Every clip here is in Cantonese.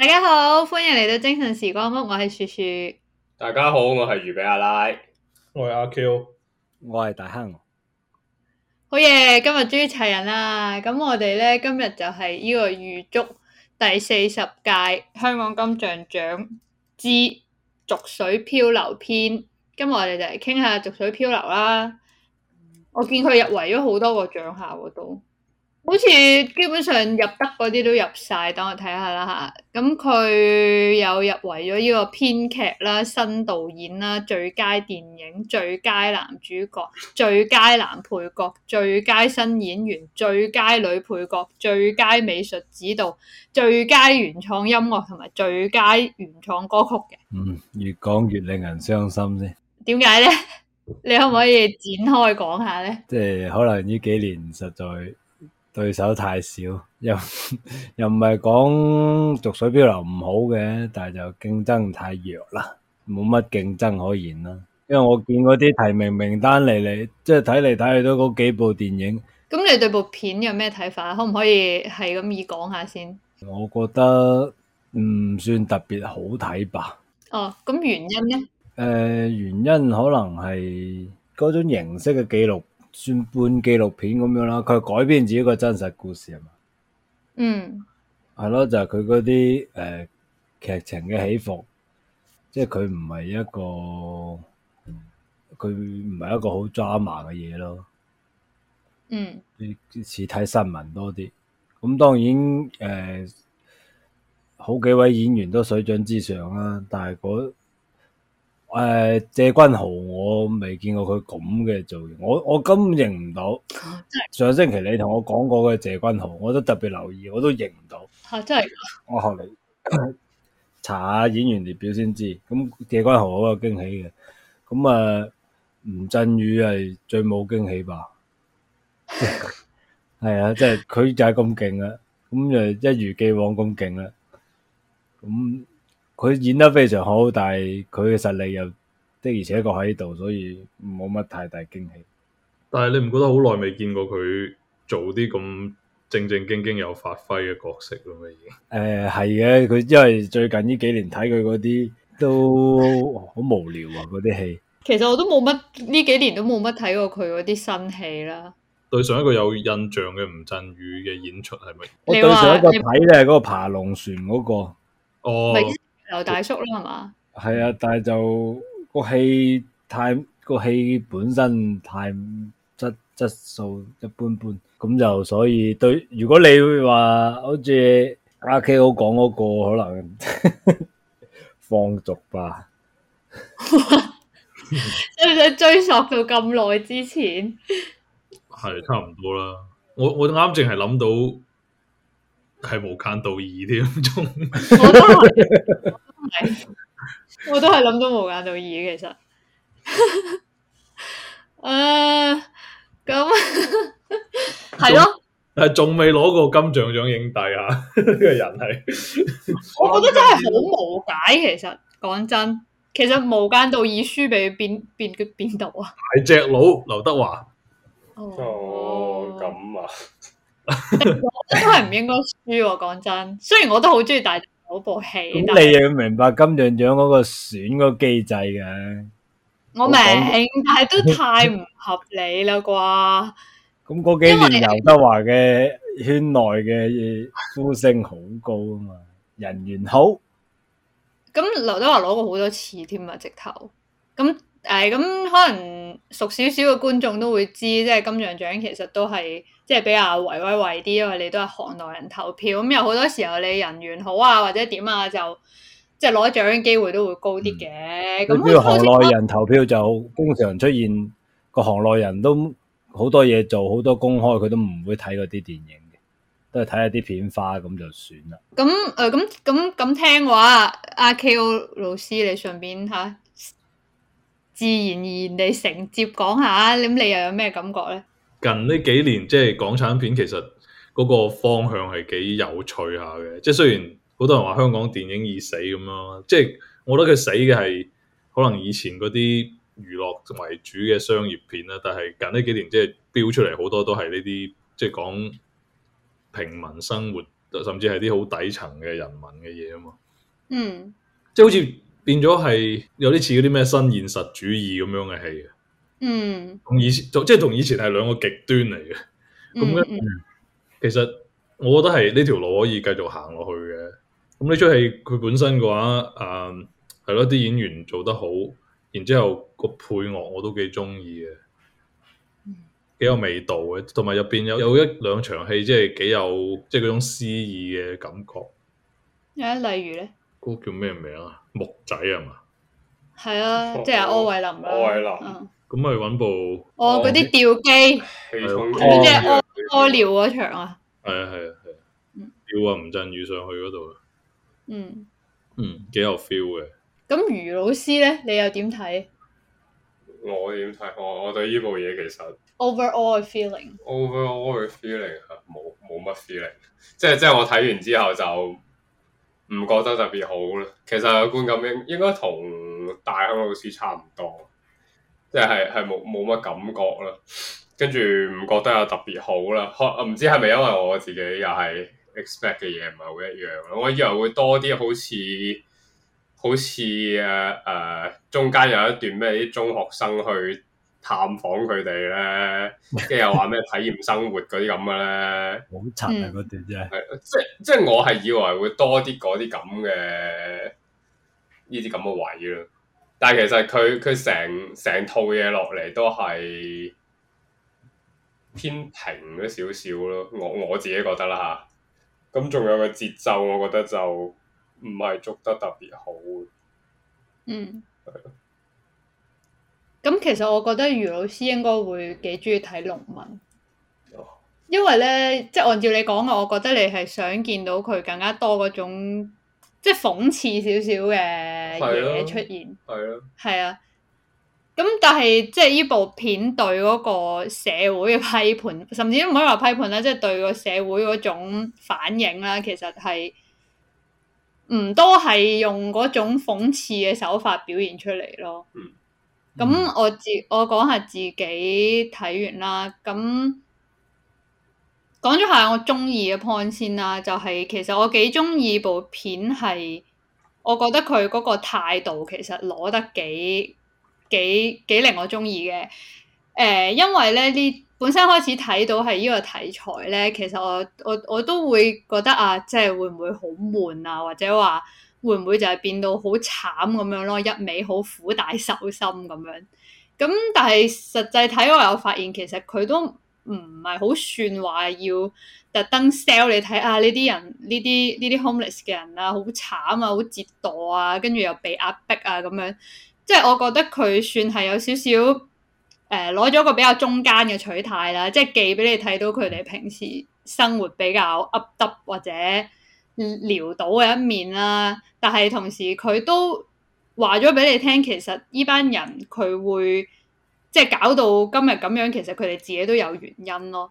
大家好，歡迎嚟到精神時光屋，我係雪雪。大家好，我係魚餅阿奶，我係阿 Q，我係大坑。好嘢，今日終於齊人啦！咁我哋咧今日就係呢個預祝第四十屆香港金像獎之濁水漂流篇。今日我哋就嚟傾下濁水漂流啦。我見佢入圍咗好多個獎項，我都。好似基本上入得嗰啲都入晒，等我睇下啦吓。咁佢有入圍咗呢個編劇啦、新導演啦、最佳電影、最佳男主角、最佳男配角、最佳新演員、最佳女配角、最佳美術指導、最佳原創音樂同埋最佳原創歌曲嘅。嗯，越講越令人傷心先。點解咧？你可唔可以展開講下咧？即係可能呢幾年實在。對手太少，又又唔係講濁水漂流唔好嘅，但係就競爭太弱啦，冇乜競爭可言啦。因為我見嗰啲提名名單嚟嚟，即係睇嚟睇去都嗰幾部電影。咁你對部片有咩睇法？可唔可以係咁易講下先？我覺得唔算特別好睇吧。哦，咁原因呢？誒、呃，原因可能係嗰種形式嘅記錄。算半紀錄片咁樣啦，佢改編自己個真實故事係嘛？嗯，係咯，就係佢嗰啲誒劇情嘅起伏，即係佢唔係一個，佢唔係一個好 drama 嘅嘢咯。嗯，似睇新聞多啲，咁當然誒、呃，好幾位演員都水準之上啦、啊，但係嗰。誒、呃，謝君豪，我未見過佢咁嘅造型，我我根本認唔到。即係、啊、上星期你同我講過嘅謝君豪，我都特別留意，我都認唔到。吓、啊，真係。我後嚟 查下演員列表先知，咁謝君豪好有驚喜嘅。咁啊，吳鎮宇係最冇驚喜吧？係 啊， 即係佢就係咁勁啊，咁就一如既往咁勁啦，咁。佢演得非常好，但係佢嘅實力又的而且確喺度，所以冇乜太大驚喜。但係你唔覺得好耐未見過佢做啲咁正正經經有發揮嘅角色咁啊？已經誒係嘅，佢因為最近呢幾年睇佢嗰啲都好無聊啊，嗰啲戲。其實我都冇乜呢幾年都冇乜睇過佢嗰啲新戲啦。對上一個有印象嘅吳鎮宇嘅演出係咪？你睇我對上一個睇咧係嗰個扒龍船嗰個哦。劉大叔啦，係嘛？係啊，但係就個戲太個戲本身太質質素一般般，咁就所以對如果你會話好似阿 K 好講嗰個可能 放逐吧？使唔使追溯到咁耐之前？係 差唔多啦，我我啱淨係諗到。係無間道二添， 我都係，我都係諗到無間道二其實，誒、 uh, 那，咁係咯，但係仲未攞過金像獎影帝啊。呢 個人係， 我覺得真係好無解其實，講真，其實無間道二輸俾邊邊個邊度啊？大隻佬劉德華，哦咁、oh, 啊。 都係唔應該輸，講真。雖然我都好中意大隻佬嗰部戲，你又要明白金像獎嗰個選個機制嘅。我明，我但係都太唔合理啦啩。咁嗰 幾年劉德華嘅圈內嘅呼聲好高啊嘛，人緣好。咁劉德華攞過好多次添啊，直頭。咁誒、咁、哎、可能熟少少嘅觀眾都會知，即係金像獎其實都係即係比較維維維啲，因為你都係行內人投票，咁有好多時候你人緣好啊，或者點啊，就即係攞獎嘅機會都會高啲嘅。咁佢、嗯、行內人投票就的經常出現，個行內人都好多嘢做，好多公開佢都唔會睇嗰啲電影嘅，都係睇下啲片花咁就算啦。咁誒，咁咁咁聽話，阿 Ko 老師你順便嚇。自然而然地承接講下，咁你又有咩感覺呢？近呢幾年即係港產片，其實嗰個方向係幾有趣下嘅。即係雖然好多人話香港電影已死咁樣，即係我覺得佢死嘅係可能以前嗰啲娛樂為主嘅商業片啦，但係近呢幾年即係標出嚟好多都係呢啲即係講平民生活，甚至係啲好底層嘅人民嘅嘢啊嘛。嗯，即係好似。變咗係有啲似嗰啲咩新現實主義咁樣嘅戲，嗯，同以前即係同以前係兩個極端嚟嘅，咁 咧那、嗯嗯、其實我覺得係呢條路可以繼續行落去嘅。咁呢出戲佢本身嘅話，誒係咯啲演員做得好，然之後個配樂我都幾中意嘅，幾有味道嘅，同埋入邊有有一兩場戲即係幾有即係嗰種詩意嘅感覺。啊，例如咧？嗰個叫咩名啊？木仔啊嘛，係啊，即係柯偉林啊。柯偉林，咁咪揾部哦，嗰啲吊機，即係屙尿嗰場啊，係啊係啊係啊，啊啊啊嗯、吊啊吳鎮宇上去嗰度啊，嗯嗯，幾、嗯、有 feel 嘅。咁余老師咧，你又點睇？我點睇？我我對呢部嘢其實 overall feeling，overall feeling 冇冇乜 feeling，即係即係我睇完之後就。唔覺得特別好啦，其實個觀感應應該同大學老師差唔多，即係係冇冇乜感覺啦，跟住唔覺得有特別好啦。我唔知係咪因為我自己又係 expect 嘅嘢唔係好一樣，我以為會多啲好似好似誒誒中間有一段咩啲中學生去，探訪佢哋咧，跟住又話咩體驗生活嗰啲咁嘅咧，好襯啊，嗰段啫。係即係即係我係以為會多啲嗰啲咁嘅呢啲咁嘅位咯。但係其實佢佢成成套嘢落嚟都係偏平咗少少咯。我我自己覺得啦吓。咁仲有個節奏，我覺得就唔係捉得特別好。嗯。咁、嗯、其實我覺得余老師應該會幾中意睇龍文，因為咧，即係按照你講嘅，我覺得你係想見到佢更加多嗰種即係諷刺少少嘅嘢出現。係啊，係啊。咁、啊、但係即係依部片對嗰個社會嘅批判，甚至都唔可以話批判啦，即、就、係、是、對個社會嗰種反應啦，其實係唔多係用嗰種諷刺嘅手法表現出嚟咯。嗯。咁、嗯、我自我講下自己睇完啦，咁講咗下我中意嘅 point 先啦，就係、是、其實我幾中意部片係，我覺得佢嗰個態度其實攞得幾幾幾令我中意嘅。誒、呃，因為咧呢本身開始睇到係呢個題材咧，其實我我我都會覺得啊，即係會唔會好悶啊，或者話？會唔會就係變到好慘咁樣咯？一味好苦大仇深咁樣。咁但係實際睇我又發現，其實佢都唔係好算話要特登 sell 你睇下呢啲人呢啲呢啲 homeless 嘅人啊，好慘啊，好折墮啊，跟住又被壓迫啊咁樣。即係我覺得佢算係有少少誒攞咗個比較中間嘅取態啦，即係寄俾你睇到佢哋平時生活比較噏得或者。潦倒嘅一面啦，啊，但係同時佢都話咗俾你聽，其實依班人佢會即係搞到今日咁樣，其實佢哋自己都有原因咯。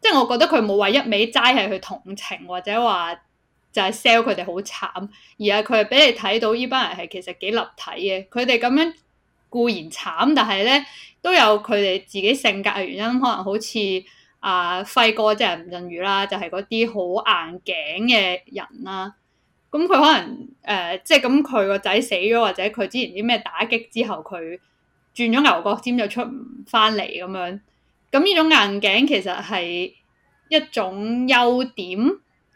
即係我覺得佢冇話一味齋係去同情或者話就係 sell 佢哋好慘，而係佢俾你睇到依班人係其實幾立體嘅。佢哋咁樣固然慘，但係咧都有佢哋自己性格嘅原因，可能好似。啊，輝哥，即係吳鎮宇啦，就係嗰啲好硬頸嘅人啦。咁佢可能誒、呃，即係咁佢個仔死咗，或者佢之前啲咩打擊之後，佢轉咗牛角尖就出唔翻嚟咁樣。咁呢種硬頸其實係一種優點，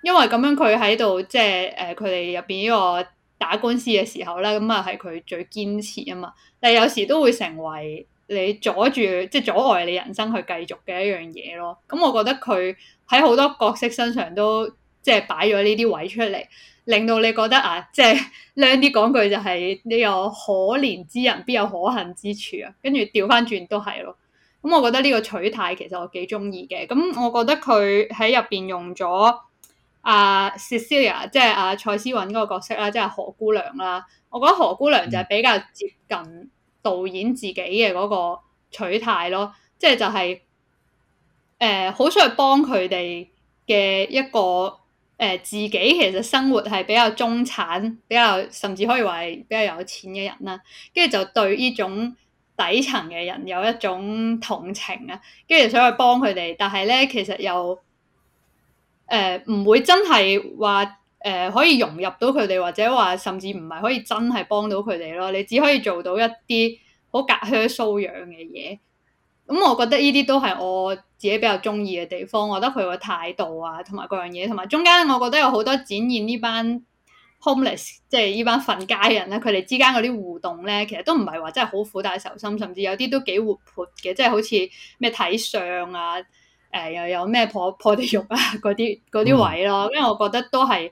因為咁樣佢喺度即係誒，佢哋入邊呢個打官司嘅時候咧，咁啊係佢最堅持啊嘛。但係有時都會成為。你阻住即係阻礙你人生去繼續嘅一樣嘢咯，咁、嗯、我覺得佢喺好多角色身上都即係擺咗呢啲位出嚟，令到你覺得啊，即係僆啲講句就係你有可憐之人，必有可恨之處啊，跟住調翻轉都係咯。咁、嗯、我覺得呢個取態其實我幾中意嘅。咁、嗯、我覺得佢喺入邊用咗啊 Cecilia，即係啊蔡思韻嗰個角色啦，即係何姑娘啦。我覺得何姑娘就係比較接近，嗯導演自己嘅嗰個取態咯，即係就係誒好想去幫佢哋嘅一個誒、呃、自己，其實生活係比較中產，比較甚至可以話係比較有錢嘅人啦。跟住就對呢種底層嘅人有一種同情啊，跟住想去幫佢哋，但係咧其實又誒唔、呃、會真係話。誒、呃、可以融入到佢哋，或者話甚至唔係可以真係幫到佢哋咯。你只可以做到一啲好隔靴搔癢嘅嘢。咁、嗯、我覺得呢啲都係我自己比較中意嘅地方。我覺得佢個態度啊，同埋各樣嘢，同埋中間我覺得有好多展現呢班 homeless，即係呢班瞓街人咧，佢哋之間嗰啲互動咧，其實都唔係話真係好苦大仇深，甚至有啲都幾活潑嘅，即係好似咩睇相啊～誒又有咩破破啲肉啊，嗰啲啲位咯，因為我覺得都係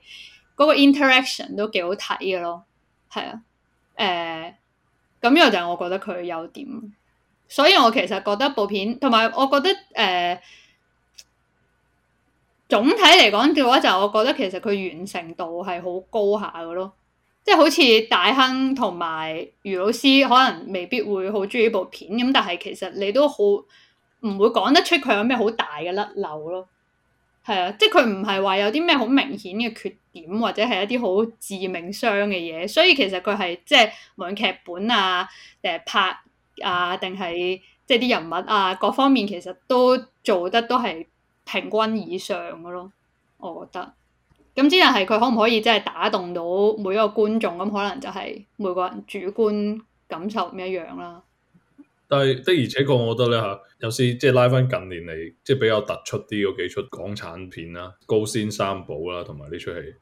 嗰個 interaction 都幾好睇嘅咯，係啊，誒咁呢個就係我覺得佢嘅優點，所以我其實覺得部片，同埋我覺得誒、呃、總體嚟講嘅話，就我覺得其實佢完成度係好高下嘅咯，即係好似大亨同埋余老師可能未必會好中意部片咁，但係其實你都好。唔會講得出佢有咩好大嘅甩漏咯，係啊，即係佢唔係話有啲咩好明顯嘅缺點，或者係一啲好致命傷嘅嘢，所以其實佢係即係無論劇本啊，誒拍啊，定係即係啲人物啊，各方面其實都做得都係平均以上嘅咯，我覺得。咁之又係佢可唔可以真係打動到每一個觀眾咁，可能就係每個人主觀感受唔一樣啦。但係的而且確，我覺得咧吓，有時即係拉翻近年嚟，即係比較突出啲嗰幾出港產片啦，高仙三寶啦，同埋呢出戲，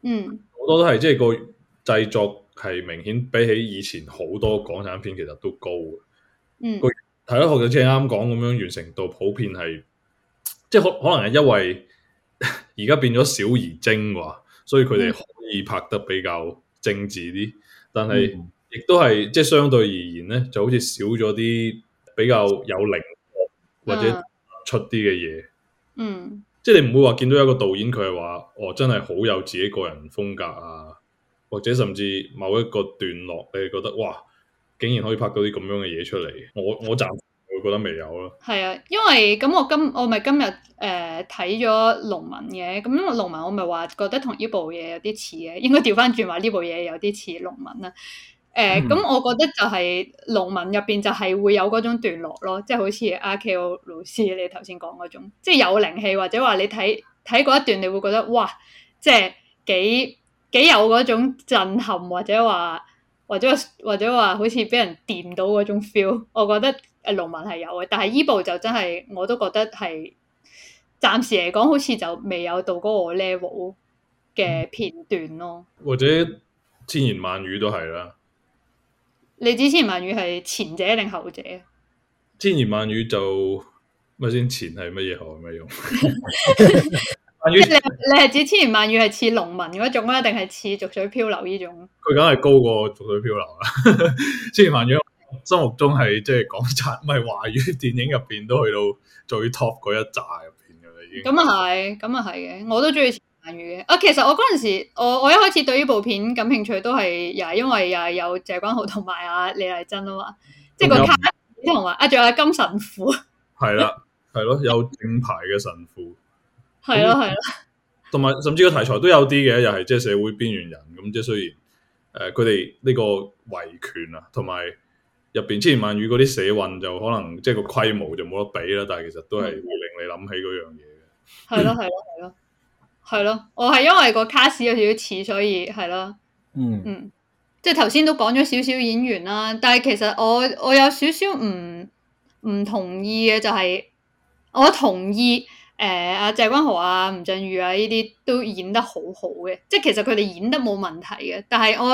嗯，好多都係即係個製作係明顯比起以前好多港產片其實都高嘅，嗯，個係咯，我哋即係啱啱講咁樣完成度普遍係，即係可可能係因為而家變咗小而精啩，所以佢哋可以拍得比較精緻啲，嗯、但係。嗯亦都係，即係相對而言咧，就好似少咗啲比較有靈或者出啲嘅嘢。嗯，即係你唔會話見到一個導演佢係話，我、哦、真係好有自己個人風格啊，或者甚至某一個段落，你覺得哇，竟然可以拍到啲咁樣嘅嘢出嚟？我我暫時會覺得未有咯。係啊，因為咁我今我咪今日誒睇咗《農民》嘅，咁《農民》我咪話、呃、覺得同呢部嘢有啲似嘅，應該調翻轉話呢部嘢有啲似《農民》啊。誒咁，uh, 嗯嗯、我覺得就係農民入邊就係會有嗰種段落咯，即係好似阿 K.O. 老師你頭先講嗰種，即係有靈氣或者話你睇睇嗰一段，你會覺得哇，即係幾幾有嗰種震撼或者話或者話或者話好似俾人掂到嗰種 feel，我覺得誒農民係有嘅，但係依部就真係我都覺得係暫時嚟講好似就未有到嗰個 level 嘅片段咯，或者千言萬語都係啦。你指千言萬語係前者定後者？千言萬語就咪先前係乜嘢，後係乜用？即你你係指千言萬語係似農民嗰種啊，定係似濁水漂流呢種？佢梗係高過濁水漂流啦！千言萬語心目中係即係講咋，咪華語電影入邊都去到最 top 嗰一揸入邊噶啦已經。咁啊係，咁啊係嘅，我都中意。啊，其實我嗰陣時，我我一開始對呢部片感興趣，都係又係因為又係有謝君豪同埋阿李麗珍啊嘛，即係、就是、個卡片，同埋阿仲有、啊有啊、金神父，係 啦，係咯，有正牌嘅神父，係咯， 係咯，同埋甚至個題材都有啲嘅，又係即係社會邊緣人咁，即係雖然誒，佢哋呢個維權啊，同埋入邊千言萬語嗰啲社運就可能即係個規模就冇得比啦，但係其實都係令你諗起嗰樣嘢嘅，係咯， 係咯，係咯。係咯，我係因為個卡 a 有少少似，所以係咯，嗯嗯，即係頭先都講咗少少演員啦。但係其實我我有少少唔唔同意嘅、就是，就係我同意誒阿、呃、謝君豪啊、吳俊宇啊呢啲都演得好好嘅，即係其實佢哋演得冇問題嘅。但係我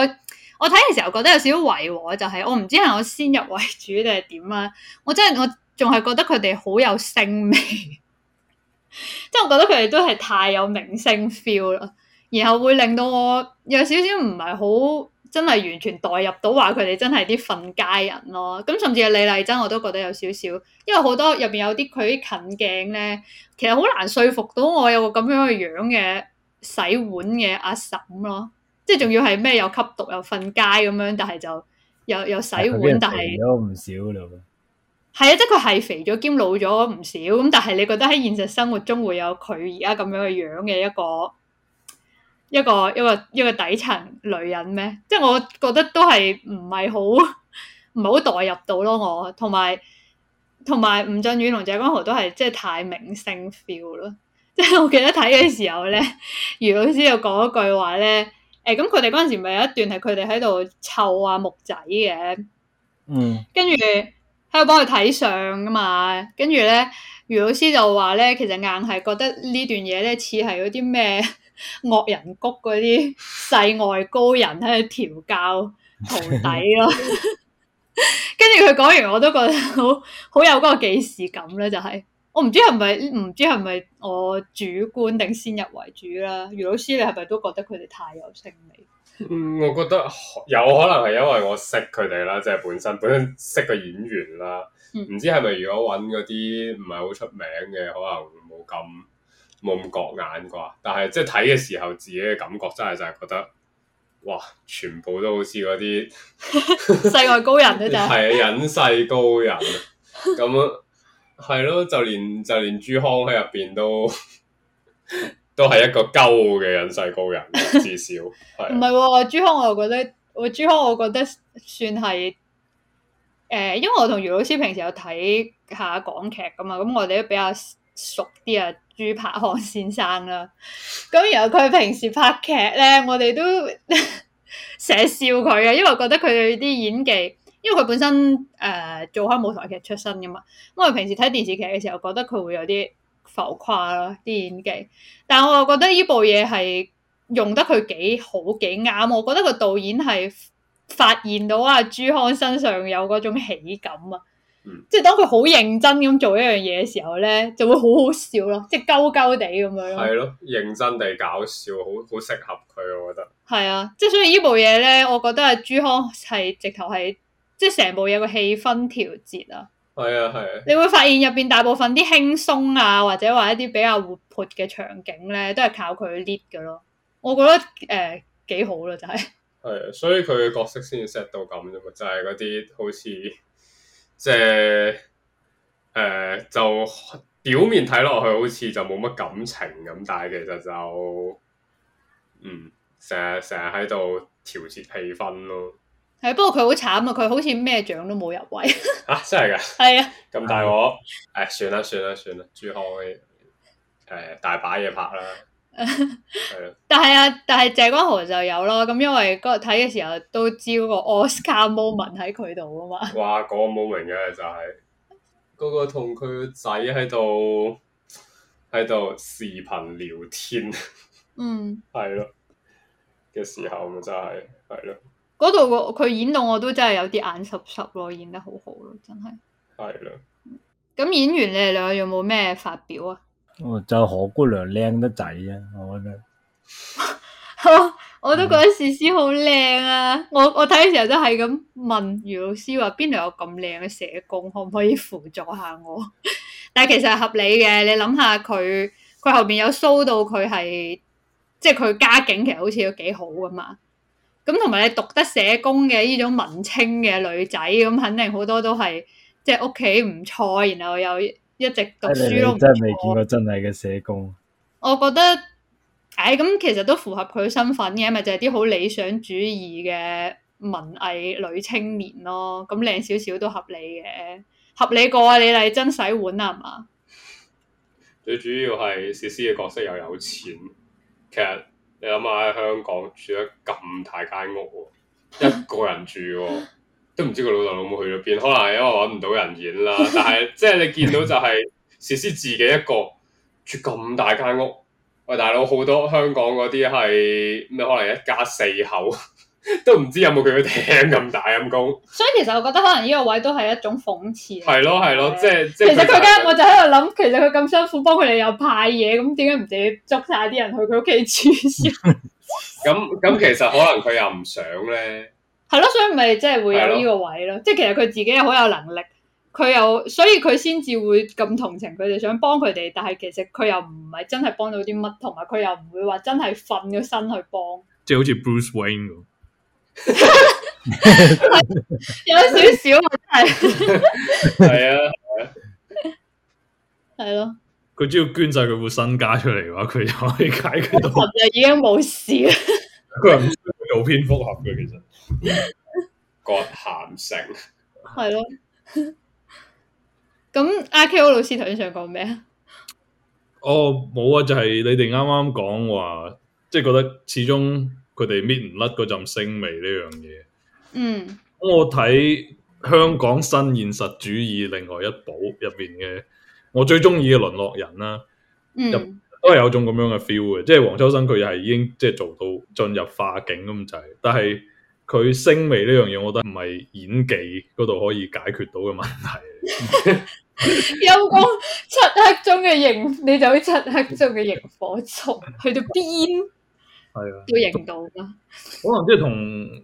我睇嘅時候覺得有少少違和、就是，就係我唔知係我先入為主定係點啦。我真係我仲係覺得佢哋好有性味。 即係我覺得佢哋都係太有明星 feel 啦，然後會令到我有少少唔係好，真係完全代入到話佢哋真係啲瞓街人咯。咁甚至係李麗珍我都覺得有少少，因為好多入邊有啲佢啲近鏡咧，其實好難說服到我有個咁樣嘅樣嘅洗碗嘅阿嬸咯，即係仲要係咩又吸毒又瞓街咁樣，但係就又又洗碗但係。係啊，即係佢係肥咗兼老咗唔少，咁但係你覺得喺現實生活中會有佢而家咁樣嘅樣嘅一個一個一個一個底層女人咩？即係我覺得都係唔係好唔係好代入到咯。我同埋同埋吳鎮宇同謝君豪都係即係太明星 feel 咯。即係我記得睇嘅時候咧，余老師又講一句話咧，誒咁佢哋嗰陣時咪有一段係佢哋喺度湊啊木仔嘅，嗯，跟住。可以幫佢睇相噶嘛，跟住咧，余老師就話咧，其實硬係覺得段呢段嘢，咧似係嗰啲咩惡人谷嗰啲世外高人喺度調教徒弟咯。跟住佢講完，我都覺得好好有嗰個既視感咧，就是，就係我唔知係咪唔知係咪我主觀定先入為主啦。余老師，你係咪都覺得佢哋太有勝利？嗯，我覺得有可能係因為我識佢哋啦，即係本身本身識個演員啦，唔、嗯、知係咪如果揾嗰啲唔係好出名嘅，可能冇咁冇咁覺眼啩。但係即係睇嘅時候，自己嘅感覺真係就係覺得，哇！全部都好似嗰啲世外高人咧，就係隱世高人。咁係咯，就連就連朱康喺入邊都。 都係一個鳩嘅隱世高人，至少係。唔係喎，朱康、 啊，我又覺得我朱康，我覺得算係，誒、呃，因為我同余老師平時有睇下港劇噶嘛，咁我哋都比較熟啲啊朱柏康先生啦。咁然後佢平時拍劇咧，我哋都寫笑佢啊，因為覺得佢啲演技，因為佢本身誒、呃、做開舞台劇出身噶嘛，咁我平時睇電視劇嘅時候，覺得佢會有啲浮誇囉啲演技，但係我又覺得呢部嘢係用得佢幾好幾啱，我覺得個導演係發現到阿、啊、朱康身上有嗰種喜感啊，嗯、即係當佢好認真咁做一樣嘢嘅時候咧，就會好好笑咯，即係鳩鳩地咁樣咯。係咯，認真地搞笑，好好適合佢，我覺得。係啊，即係所以部呢部嘢咧，我覺得阿、啊、朱康係直頭係即係成部嘢個氣氛調節啊。係啊，係啊！你會發現入邊大部分啲輕鬆啊，或者話一啲比較活潑嘅場景咧，都係靠佢 lead 嘅咯。我覺得誒、呃、幾好咯、啊，就係。係，所以佢嘅角色先至 set 到咁啫嘛，就係嗰啲好似即係誒、呃，就表面睇落去好似就冇乜感情咁，但係其實就嗯，成日成日喺度調節氣氛咯。係，不過佢好慘啊！佢好似咩獎都冇入位。吓、啊，真係噶？係 啊，咁大我，誒、哎，算啦算啦算啦，朱浩嘅誒大把嘢拍啦。係啊，啊，啊，但係啊，但係謝君豪就有咯，咁因為嗰日睇嘅時候都招個 Oscar moment 喺佢度啊嘛。話、呃那個冇名嘅就係、是、嗰個同佢仔喺度喺度視頻聊天， 嗯，係咯嘅時候咪就係係咯。嗰度佢演到我都真係有啲眼濕濕咯，演得好好咯，真係。係啦的。咁演員你哋兩個有冇咩發表啊？我就何姑娘靚得滯啊！我覺得。 我都覺得施詩好靚啊！我我睇嘅時候都係咁問余老師話邊度有咁靚嘅社工，可唔可以輔助下我？ 但係其實係合理嘅，你諗下佢佢後邊有 show 到佢係即係佢家境其實好似都幾好噶嘛。咁同埋你讀得社工嘅呢種文青嘅女仔，咁肯定好多都係即係屋企唔錯，然後又一直讀書咯。哎、真係未見過真係嘅社工。我覺得，唉、哎，咁其實都符合佢身份嘅，咪就係啲好理想主義嘅文藝女青年咯。咁靚少少都合理嘅，合理過、啊、李麗珍洗碗啊嘛。最主要係詩詩嘅角色又有錢，其實。你諗下喺香港住咗咁大間屋喎，一個人住喎，都唔知個老豆老母去咗邊，可能係因為揾唔到人演啦。但係即係你見到就係、是，是思自己一個住咁大間屋。喂，大佬好多香港嗰啲係咩？可能一家四口。都唔知有冇佢嘅聽咁大陰功，所以其實我覺得可能呢個位都係一種諷刺。係咯係咯，即係其實佢而家我就喺度諗，其實佢咁辛苦幫佢哋又派嘢，咁點解唔自己捉晒啲人去佢屋企住先？咁咁其實可能佢又唔想咧。係咯，所以咪即係會有呢個位咯。即係其實佢自己又好有能力，佢又所以佢先至會咁同情佢哋，想幫佢哋。但係其實佢又唔係真係幫到啲乜，同埋佢又唔會話真係瞓咗身去幫。即係好似 Bruce Wayne。 有少少問題。係 啊，係咯。佢只要捐晒佢部身家出嚟嘅話，佢就可以解決到。我哋已經冇事啦。佢唔做蝙蝠俠嘅，其實局限性。係咯。咁阿 Ko 老師頭先想講咩啊？哦，冇啊，就係你哋啱啱講話，即係覺得始終。佢哋搣唔甩嗰陣星味呢樣嘢，嗯，我睇香港新現實主義另外一部入邊嘅，我最中意嘅《淪落人》啊啦，嗯，都係有種咁樣嘅 feel 嘅，即、就、係、是、黃秋生佢又係已經即係、就是、做到進入化境咁滯，但係佢星味呢樣嘢，我覺得唔係演技嗰度可以解決到嘅問題。 有光漆黑中嘅螢，你就去漆黑中嘅螢火蟲去到邊？ 係啊，會認到啦，可能即係同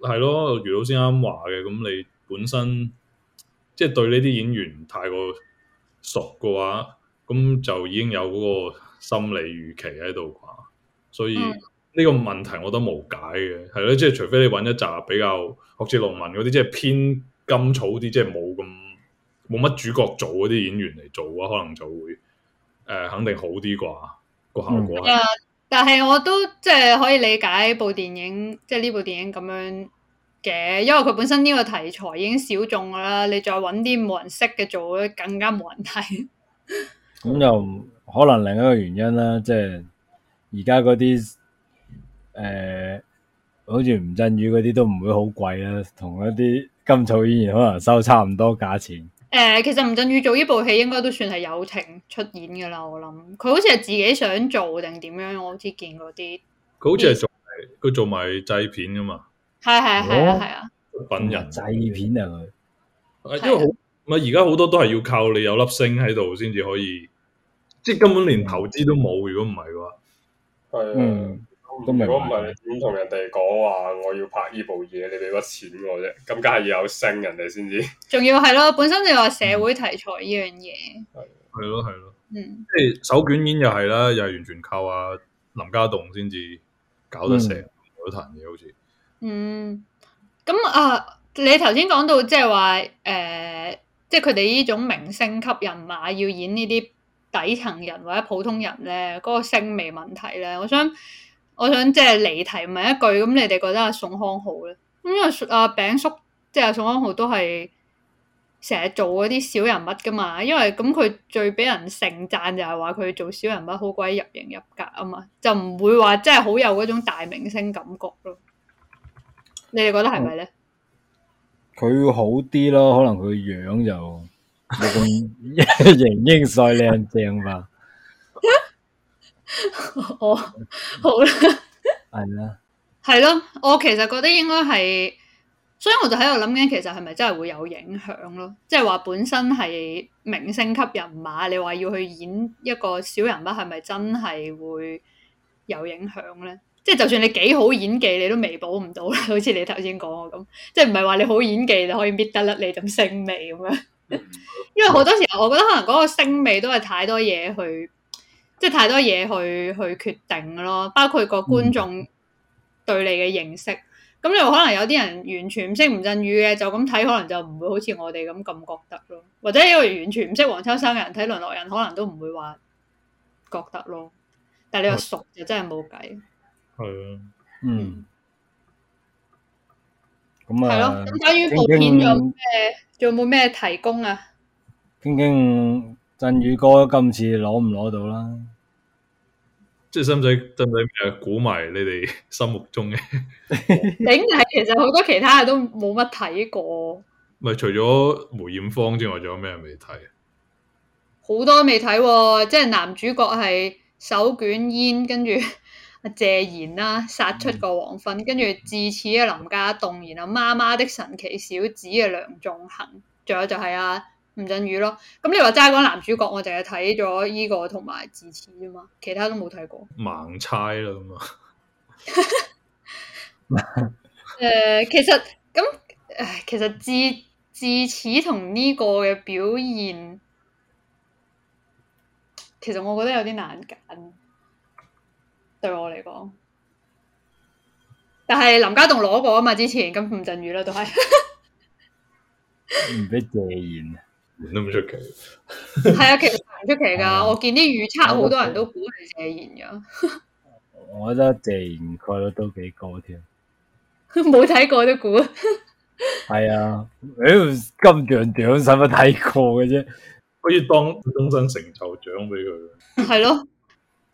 係咯，余老師啱話嘅，咁你本身即係、就是、對呢啲演員太過熟嘅話，咁就已經有嗰個心理預期喺度啩，所以呢、嗯、個問題我都無解嘅，係咯，即、就、係、是、除非你揾一集比較學似農民嗰啲，即係、就是、偏甘草啲，即係冇咁冇乜主角做嗰啲演員嚟做啊，可能就會誒、呃、肯定好啲啩，個效果係。嗯嗯嗯但係我都即係可以理解部電影，即係呢部電影咁樣嘅，因為佢本身呢個題材已經小眾啦。你再揾啲冇人識嘅做更加冇人睇。咁又可能另一個原因啦，即係而家嗰啲誒，好似吳鎮宇嗰啲都唔會好貴啦，同一啲甘草演員可能收差唔多價錢。誒、欸，其實吳鎮宇做呢部戲應該都算係友情出演㗎啦，我諗佢好似係自己想做定點樣？我好似見過啲，佢好似係做佢做埋製片㗎嘛，係係係啊係啊，品人製片啊佢，因為好唔係而家好多都係要靠你有粒星喺度先至可以，即係根本連投資都冇，如果唔係嘅話，係的嗯。如果唔係，點同人哋講話我要拍呢部嘢？你俾筆錢我啫，咁梗係要有聲，人哋先知。仲要係咯，本身就話社會題材呢樣嘢。係咯係咯，嗯，即係手捲煙又係啦，又係完全靠阿林家棟先至搞得成嗰壇嘢，好似。嗯，咁啊，你頭先講到即係話誒，即係佢哋呢種明星級人馬要演呢啲底層人或者普通人咧，嗰個聲味問題咧，我想。我想即係離題問一句，咁你哋覺得阿宋康豪咧？咁因為阿、啊、餅叔即係阿宋康豪都係成日做嗰啲小人物噶嘛，因為咁佢最俾人盛讚就係話佢做小人物好鬼入型入格啊嘛，就唔會話真係好有嗰種大明星感覺咯。你哋覺得係咪咧？佢、嗯、好啲咯，可能佢樣就冇咁型英，英帥靚正吧。我好啦，係啦，係咯，我其實覺得應該係，所以我就喺度諗緊，其實係咪真係會有影響咯？即係話本身係明星級人馬，你話要去演一個小人物，係咪真係會有影響咧？即係就算你幾好演技，你都彌補唔到啦。好似你頭先講咁，即係唔係話你好演技就可以搣得甩你咁星味咁樣，因為好多時候我覺得可能嗰個星味都係太多嘢去即係太多嘢去去決定咯，包括個觀眾對你嘅認識。咁你又可能有啲人完全唔識吳鎮宇嘅，就咁睇可能就唔會好似我哋咁咁覺得咯。或者因為完全唔識黃秋生嘅人睇《淪落人》，可能都唔會話覺得咯。但係你話熟就真係冇計。係啊、嗯，嗯。咁啊，係咯。咁關於部片有咩，仲有冇咩提供啊？傾傾鎮宇哥今次攞唔攞到啦？即係使唔使使唔使估埋你哋心目中嘅？頂係其實好多其他嘢都冇乜睇過 。咪除咗梅艷芳之外，仲有咩未睇？好多未睇喎，即係男主角係手捲煙，跟住謝賢啦，殺出個黃昏，跟住智齒嘅林家棟，然後媽媽的神奇小子嘅梁仲恆，仲有就係啊。吳鎮宇咯，咁你話齋講男主角，我淨係睇咗呢個同埋智齒咋嘛，其他都冇睇過。盲猜啦嘛。誒、 uh,，其實咁，誒，其實智智齒同呢個嘅表現，其實我覺得有啲難揀，對我嚟講。但係林家棟攞過啊嘛，之前咁吳鎮宇啦都係。唔 俾謝賢。都唔出奇，係 啊，其實唔出奇噶。我見啲預測好多人都估係謝賢噶， 我覺得謝賢概率都幾高添，冇 睇過都估。係 啊，誒、哎，金像獎使乜睇過嘅啫？好 似當終身成就獎俾佢。係 咯，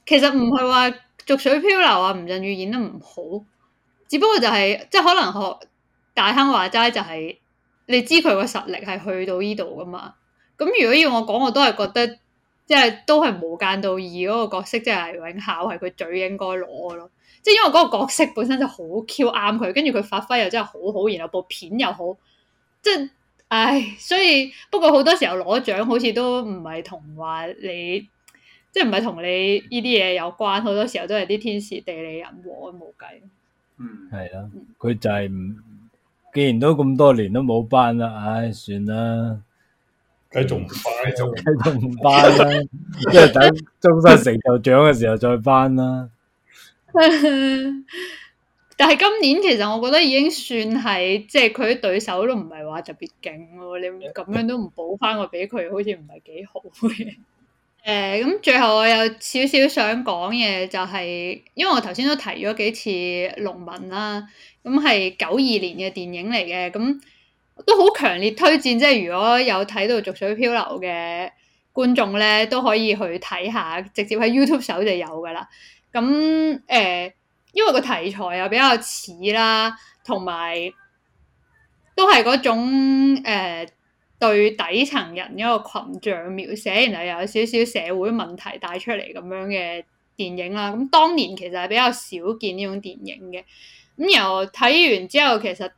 其實唔係話《濁水漂流》啊，吳鎮宇演得唔好，只不過就係、是、即係可能學大亨話齋就係、是。你知佢個實力係去到呢度㗎嘛？咁如果要我講，我都係覺得即係都係無間道二嗰個角色，即係永孝係佢最應該攞咯。即係因為嗰個角色本身就好 Q 啱佢，跟住佢發揮又真係好好，然後部片又好。即係唉，所以不過好多時候攞獎好似都唔係同話你，即係唔係同你呢啲嘢有關。好多時候都係啲天時地利人和冇計。嗯，係、嗯、啊，佢就係唔既然都咁多年都冇頒啦，唉、哎，算啦，繼續唔頒就繼續唔頒啦，即係 等終身成就獎嘅時候再頒啦。 但係今年其實我覺得已經算係，即係佢啲對手都唔係話特別勁咯。你咁樣都唔補頒個俾佢，好似唔係幾好嘅。 誒咁、嗯、最後我有少少想講嘅就係、是，因為我頭先都提咗幾次農民啦、啊，咁係九二年嘅電影嚟嘅，咁、嗯、都好強烈推薦，即係如果有睇到《濁水漂流》嘅觀眾咧，都可以去睇下，直接喺 YouTube 搜就有噶啦。咁、嗯、誒、嗯嗯，因為個題材又比較似啦，同埋都係嗰種、嗯對底層人一個群像描寫，然後又有少少社會問題帶出嚟咁樣嘅電影啦。咁當年其實係比較少見呢種電影嘅。咁由睇完之後，其實誒、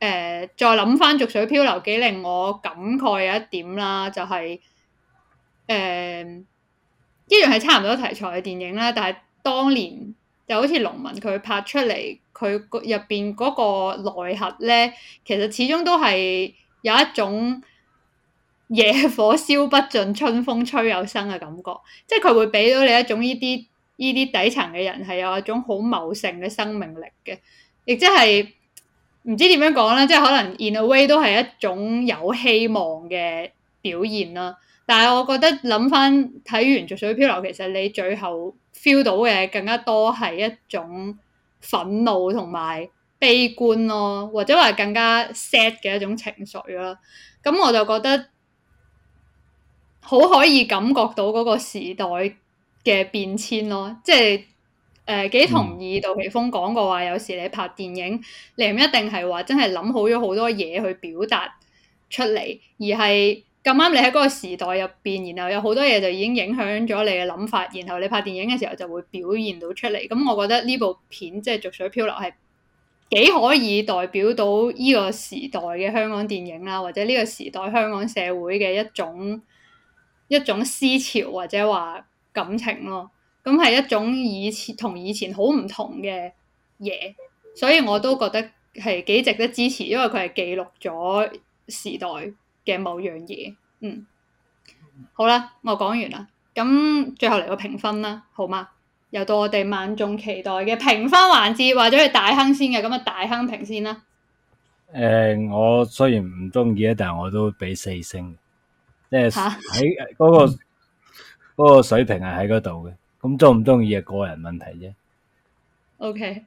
呃、再諗翻《逐水漂流》，幾令我感慨有一點啦、就是，就係誒一樣係差唔多題材嘅電影啦。但係當年就好似農民佢拍出嚟，佢入邊嗰個內核咧，其實始終都係有一種。野火燒不盡，春風吹又生嘅感覺，即係佢會俾到你一種呢啲依啲底層嘅人係有一種好茂盛嘅生命力嘅，亦即係唔知點樣講啦，即係可能 in a way 都係一種有希望嘅表現啦。但係我覺得諗翻睇完《濁水漂流》，其實你最後 feel 到嘅更加多係一種憤怒同埋悲觀咯，或者話更加 sad 嘅一種情緒咯。咁我就覺得。好可以感覺到嗰個時代嘅變遷咯，即係誒幾同意杜琪峰講過話，有時你拍電影，你唔一定係話真係諗好咗好多嘢去表達出嚟，而係咁啱你喺嗰個時代入邊，然後有好多嘢就已經影響咗你嘅諗法，然後你拍電影嘅時候就會表現到出嚟。咁我覺得呢部片即係《濁水漂流》係幾可以代表到依個時代嘅香港電影啦，或者呢個時代香港社會嘅一種。一種思潮或者話感情咯，咁係一種以前同以前好唔同嘅嘢，所以我都覺得係幾值得支持，因為佢係記錄咗時代嘅某樣嘢。嗯，好啦，我講完啦，咁最後嚟個評分啦，好嗎？又到我哋萬眾期待嘅評分環節，或者係大亨先嘅咁啊，大亨評先啦。誒、呃，我雖然唔中意咧，但係我都俾四星。即係喺嗰個 個水平係喺嗰度嘅，咁鍾唔鍾意係個人問題啫。O K，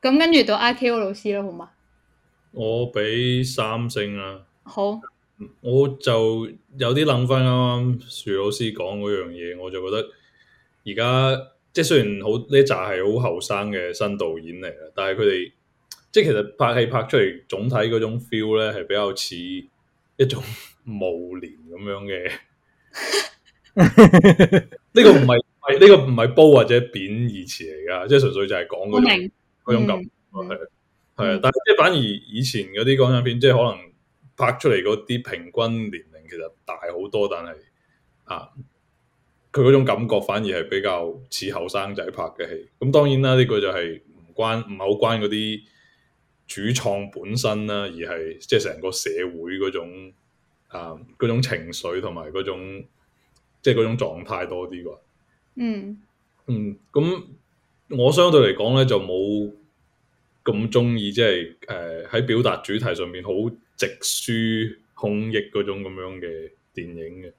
咁跟住到 I K O 老師啦，好嘛？我俾三星啦。好，我就有啲諗翻啱啱樹老師講嗰樣嘢，我就覺得而家即係雖然好呢紮係好後生嘅新導演嚟嘅，但係佢哋即係其實拍戲拍出嚟總體嗰種 feel 咧，係比較似一種。暮年咁樣嘅， 呢 個唔係呢個唔係褒或者貶義詞嚟噶，即係純粹就係講嗰種嗰種感係係、嗯，但係即係反而以前嗰啲港產片，即、就、係、是、可能拍出嚟嗰啲平均年齡其實大好多，但係啊，佢嗰種感覺反而係比較似後生仔拍嘅戲。咁當然啦，呢、這個就係唔關唔係好關嗰啲主創本身啦、啊，而係即係成個社會嗰種。啊，嗰種情緒同埋嗰種即係嗰種狀態多啲啩。嗯嗯，咁我相對嚟講咧就冇咁中意即係誒喺表達主題上面好直抒胸臆嗰種咁樣嘅電影嘅。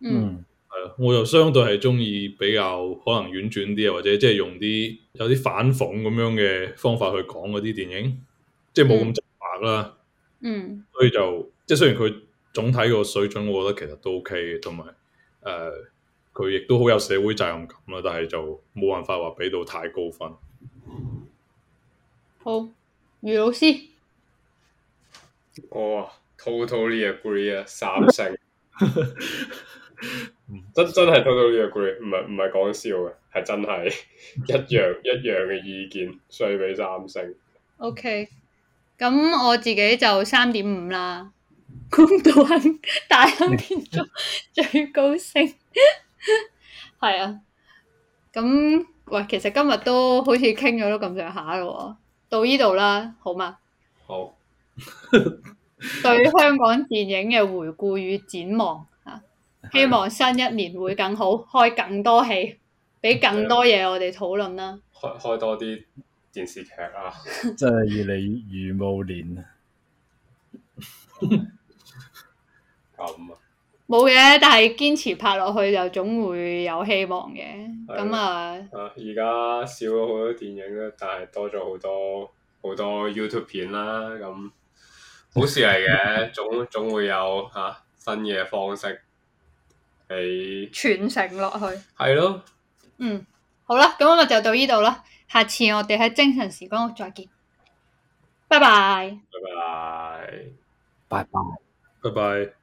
Um, 嗯，係啊，我又相對係中意比較可能婉轉啲啊，或者即係用啲有啲反諷咁樣嘅方法去講嗰啲電影，即係冇咁直白啦。嗯，um, um, 所以就即係雖然佢。總體個水準，我覺得其實都 OK 嘅，同埋誒佢亦都好有社會責任感啦。但係就冇辦法話俾到太高分。好，余老師，我、oh, totally agree 啊，三星，真真係 totally agree，唔係唔係講笑嘅，係真係一樣一樣嘅意見，所以俾三星。OK，咁我自己就三點五啦。公道行， 大亨片中最高聲，係啊。咁喂，其實今日都好似傾咗都咁上下咯，到呢度啦，好嘛？好。 對香港電影嘅回顧與展望啊，希望新一年會更好，開更多戲，俾更多嘢我哋討論啦。開開多啲電視劇啊， 真係以你如魚年啊！ 冇嘢，但係堅持拍落去就總會有希望嘅。咁的就啊，而家少咗好多電影啦，但係多咗好多好多 YouTube 片啦。咁好事嚟嘅，總總會有吓、啊、新嘅方式係傳、欸、承落去。係咯的，嗯，好啦，咁我咪就到呢度啦。下次我哋喺精神時光屋再見，拜拜，拜拜，拜拜，拜拜。